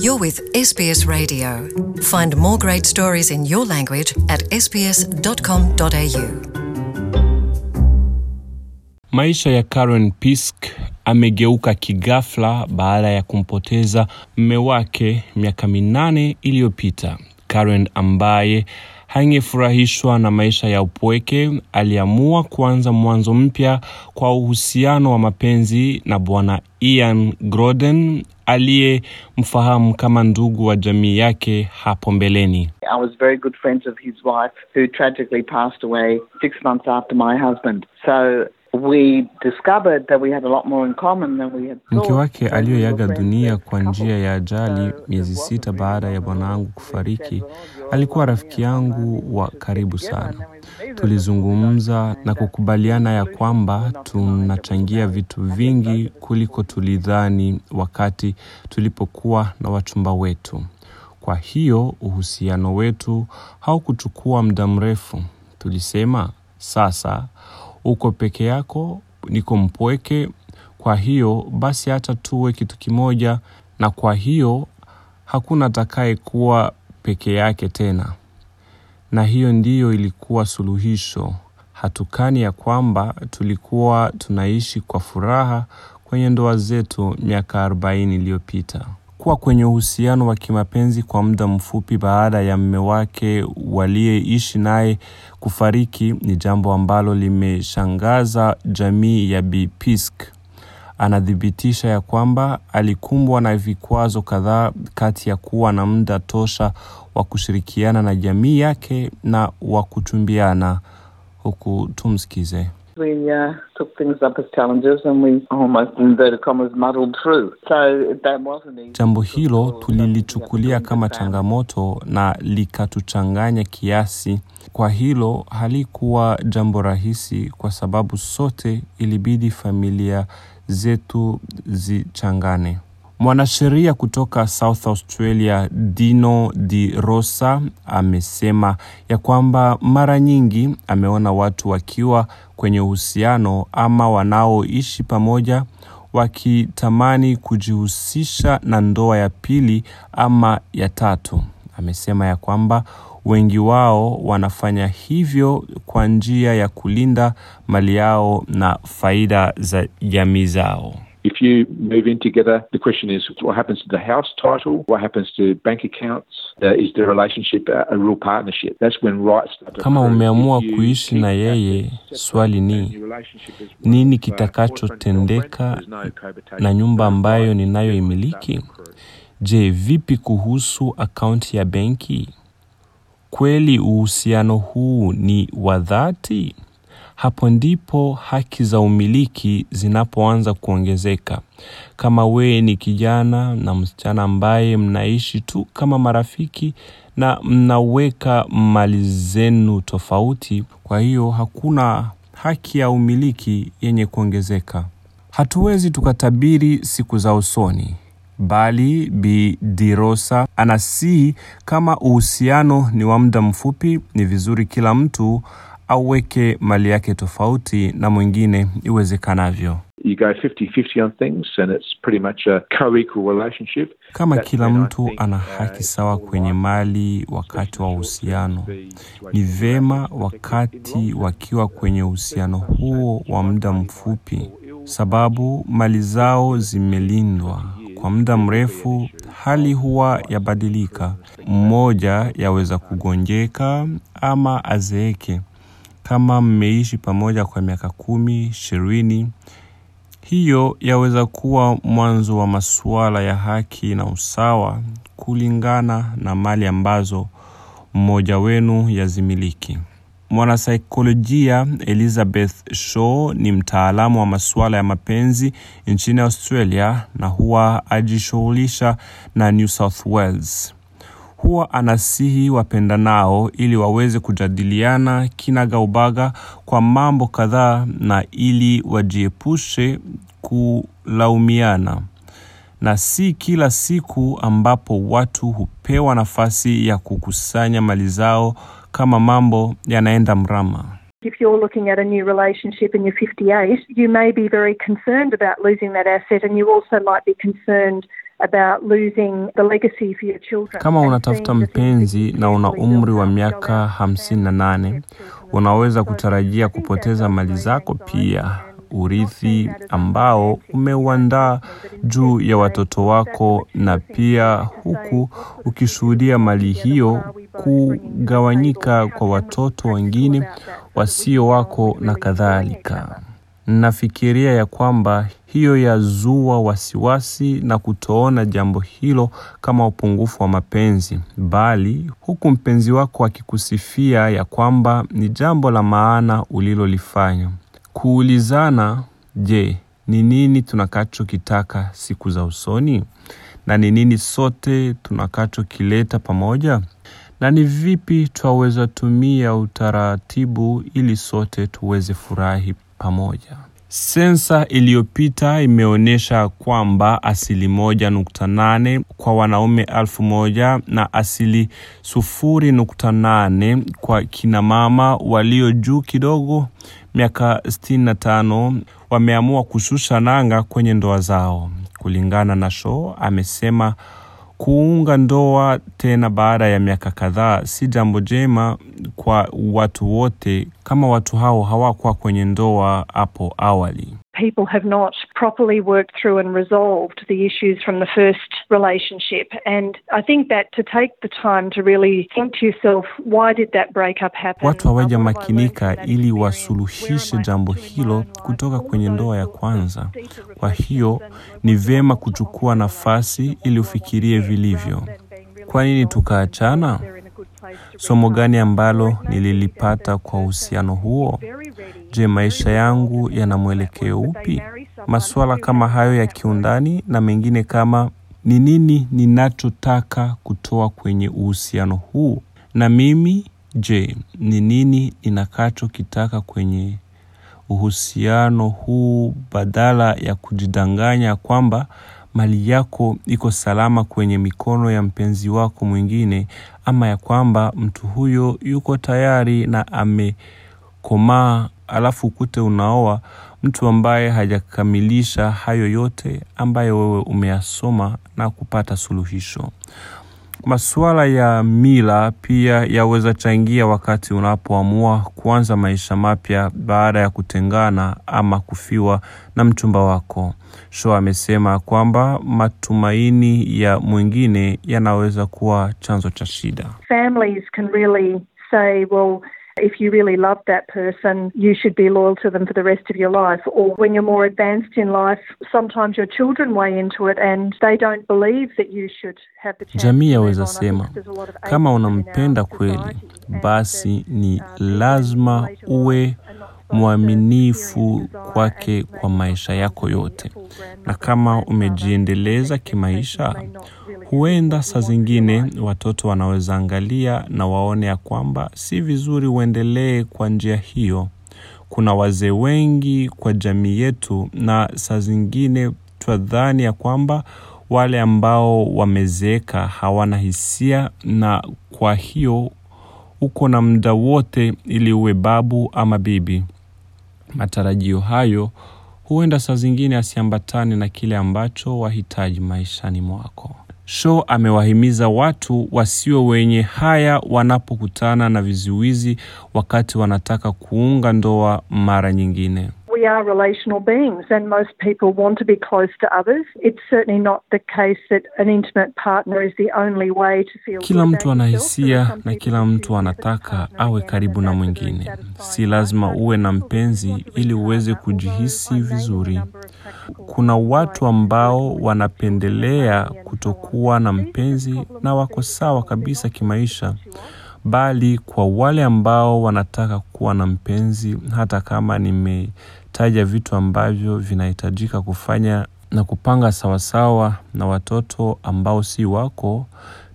You're with SBS Radio. Find more great stories in your language at sbs.com.au. Maisha ya Karen Pisk amegeuka kighafla baada ya kumpoteza mme wake miaka minane iliyopita. Karen ambaye hangefurahishwa na maisha ya upweke, aliamua kuanza mwanzo mpya kwa uhusiano wa mapenzi na bwana Ian Groden aliyemfahamu kama ndugu wa jamii yake hapo mbeleni. I was very good friends of his wife who tragically passed away six months after my husband. So Mke wake aliyoaga dunia kwa njia ya ajali miezi sita baada ya bwanangu kufariki, oh, alikuwa rafiki yangu wa karibu sana. Tulizungumza na kukubaliana ya kwamba tunachangia vitu vingi kuliko tulidhani wakati tulipokuwa na wachumba wetu. Kwa hiyo uhusiano wetu haukuchukua muda mrefu. Tulisema sasa uko peke yako, niko mpweke. Kwa hiyo basi hata tuwe kitu kimoja, na kwa hiyo hakuna atakaye kuwa peke yake tena. Na hiyo ndiyo ilikuwa suluhisho. Hatukani ya kwamba tulikuwa tunaishi kwa furaha kwenye ndoa zetu miaka arobaini iliyopita alikuwa kwenye uhusiano wa kimapenzi kwa muda mfupi baada ya mme wake waliyeishi naye kufariki, ni jambo ambalo limeshangaza jamii ya Bi Anathibitisha ya kwamba alikumbwa na vikwazo kadhaa kati ya kuwa na muda tosha wa kushirikiana na jamii yake na wa kuchumbiana, huku tumsikize. Jambo hilo tulilichukulia kama changamoto na likatuchanganya kiasi. Kwa hilo halikuwa jambo rahisi, kwa sababu sote ilibidi familia zetu zichangane. Mwanasheria kutoka South Australia Dino Di Rosa amesema ya kwamba mara nyingi ameona watu wakiwa kwenye uhusiano ama wanaoishi pamoja wakitamani kujihusisha na ndoa ya pili ama ya tatu. Amesema ya kwamba wengi wao wanafanya hivyo kwa njia ya kulinda mali yao na faida za jamii zao. If you move in together, the question is what happens to the house title? What happens to bank accounts? Uh, is the relationship a real partnership? That's when rights start. to Kama umeamua kuishi na yeye, swali ni nini uh, kitakachotendeka na nyumba ambayo ninayoimiliki? Je, vipi kuhusu akaunti ya benki? Kweli uhusiano huu ni wa dhati? Hapo ndipo haki za umiliki zinapoanza kuongezeka. Kama wewe ni kijana na msichana ambaye mnaishi tu kama marafiki na mnaweka mali zenu tofauti, kwa hiyo hakuna haki ya umiliki yenye kuongezeka. Hatuwezi tukatabiri siku za usoni, bali Bi Dirosa kama uhusiano ni wa muda mfupi, ni vizuri kila mtu auweke mali yake tofauti na mwingine iwezekanavyo. Kama kila mtu ana uh, haki sawa kwenye mali wakati wa uhusiano, ni vema wakati wakiwa kwenye uhusiano huo wa muda mfupi, sababu mali zao zimelindwa kwa muda mrefu, hali huwa yabadilika, mmoja yaweza kugonjeka ama azeeke kama mmeishi pamoja kwa miaka kumi, ishirini, hiyo yaweza kuwa mwanzo wa masuala ya haki na usawa kulingana na mali ambazo mmoja wenu yazimiliki. Mwanasaikolojia Elizabeth Shaw ni mtaalamu wa masuala ya mapenzi nchini Australia na huwa ajishughulisha na New South Wales huwa anasihi wapenda nao ili waweze kujadiliana kinagaubaga kwa mambo kadhaa na ili wajiepushe kulaumiana. Na si kila siku ambapo watu hupewa nafasi ya kukusanya mali zao kama mambo yanaenda mrama. If you're looking at a new relationship and you're 58, you may be very concerned about losing that asset and you also might be concerned kama unatafuta mpenzi na una umri wa miaka hamsini na nane, unaweza kutarajia kupoteza mali zako pia urithi ambao umeuandaa juu ya watoto wako, na pia huku ukishuhudia mali hiyo kugawanyika kwa watoto wengine wasio wako na kadhalika nafikiria ya kwamba hiyo yazua wasiwasi na kutoona jambo hilo kama upungufu wa mapenzi, bali huku mpenzi wako akikusifia ya kwamba ni jambo la maana ulilolifanya. Kuulizana, je, ni nini tunakachokitaka siku za usoni na ni nini sote tunakachokileta pamoja na ni vipi twaweza tumia utaratibu ili sote tuweze furahi pamoja. Sensa iliyopita imeonyesha kwamba asili moja nukta nane kwa wanaume elfu moja na asili sufuri nukta nane kwa kinamama walio juu kidogo miaka 65 wameamua kushusha nanga kwenye ndoa zao, kulingana na Shaw amesema. Kuunga ndoa tena baada ya miaka kadhaa si jambo jema kwa watu wote, kama watu hao hawakuwa kwenye ndoa hapo awali. People have not properly worked through and resolved the issues from the first relationship. And I think that to take the time to really think to yourself, why did that breakup happen? Watu makinika ili wasuluhishe jambo hilo kutoka kwenye ndoa ya kwanza. Kwa hiyo ni vema kuchukua nafasi ili ufikirie vilivyo. Kwa nini tukaachana? Somo gani ambalo nililipata kwa uhusiano huo? Je, maisha yangu yana mwelekeo upi? masuala kama hayo ya kiundani na mengine kama ni nini ninachotaka kutoa kwenye uhusiano huu, na mimi je, ni nini ninakachokitaka kwenye uhusiano huu, badala ya kujidanganya kwamba mali yako iko salama kwenye mikono ya mpenzi wako mwingine, ama ya kwamba mtu huyo yuko tayari na amekomaa alafu ukute unaoa mtu ambaye hajakamilisha hayo yote ambayo wewe umeyasoma na kupata suluhisho. Masuala ya mila pia yaweza changia wakati unapoamua kuanza maisha mapya baada ya kutengana ama kufiwa na mchumba wako. sho amesema kwamba matumaini ya mwingine yanaweza kuwa chanzo cha shida. Families can really say, well, If you really love that person, you should be loyal to them for the rest of your life. Or when you're more advanced in life, sometimes your children weigh into it and they don't believe that you should have the chance. Jamii yaweza sema kama unampenda kweli, basi ni uh, lazima uwe mwaminifu kwake kwa maisha yako yote. Na kama umejiendeleza kimaisha, huenda saa zingine watoto wanaweza angalia na waone ya kwamba si vizuri uendelee kwa njia hiyo. Kuna wazee wengi kwa jamii yetu na saa zingine twadhani ya kwamba wale ambao wamezeeka hawana hisia na kwa hiyo uko na muda wote ili uwe babu ama bibi matarajio hayo huenda saa zingine asiambatane na kile ambacho wahitaji maishani mwako. sho amewahimiza watu wasio wenye haya wanapokutana na vizuizi wakati wanataka kuunga ndoa mara nyingine we are relational beings and most people want to to be close others. It's certainly not the case that an intimate partner is the only way to feel Kila mtu anahisia na kila mtu anataka awe karibu na mwingine. Si lazima uwe na mpenzi ili uweze kujihisi vizuri. Kuna watu ambao wanapendelea kutokuwa na mpenzi na wako sawa kabisa kimaisha bali kwa wale ambao wanataka kuwa na mpenzi, hata kama nimetaja vitu ambavyo vinahitajika kufanya na kupanga sawasawa na watoto ambao si wako,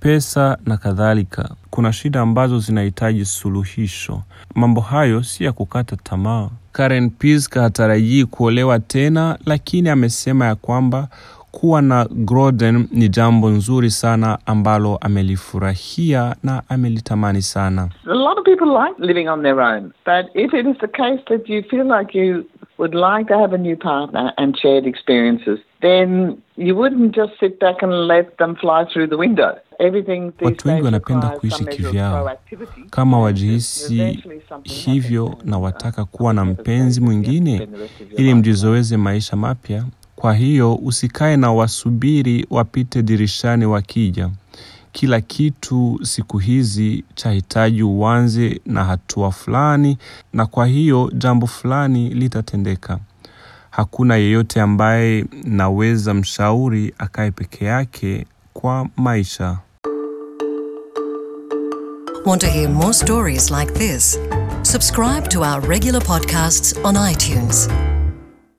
pesa na kadhalika. Kuna shida ambazo zinahitaji suluhisho. Mambo hayo si ya kukata tamaa. Karen pisk hatarajii kuolewa tena, lakini amesema ya kwamba kuwa na Groden ni jambo nzuri sana ambalo amelifurahia na amelitamani sana. A lot of people like living on their own, but if it is the case that you feel like you would like to have a new partner and shared experiences, then you wouldn't just sit back and let them fly through the window. Watu wengi wanapenda kuishi kivyao. Kama wajihisi hivyo na wataka kuwa na mpenzi mwingine ili mjizoeze maisha mapya, kwa hiyo usikae na wasubiri wapite dirishani wakija. Kila kitu siku hizi chahitaji uanze na hatua fulani, na kwa hiyo jambo fulani litatendeka. Hakuna yeyote ambaye naweza mshauri akae peke yake kwa maisha. Want to hear more stories like this? Subscribe to our regular podcasts on iTunes.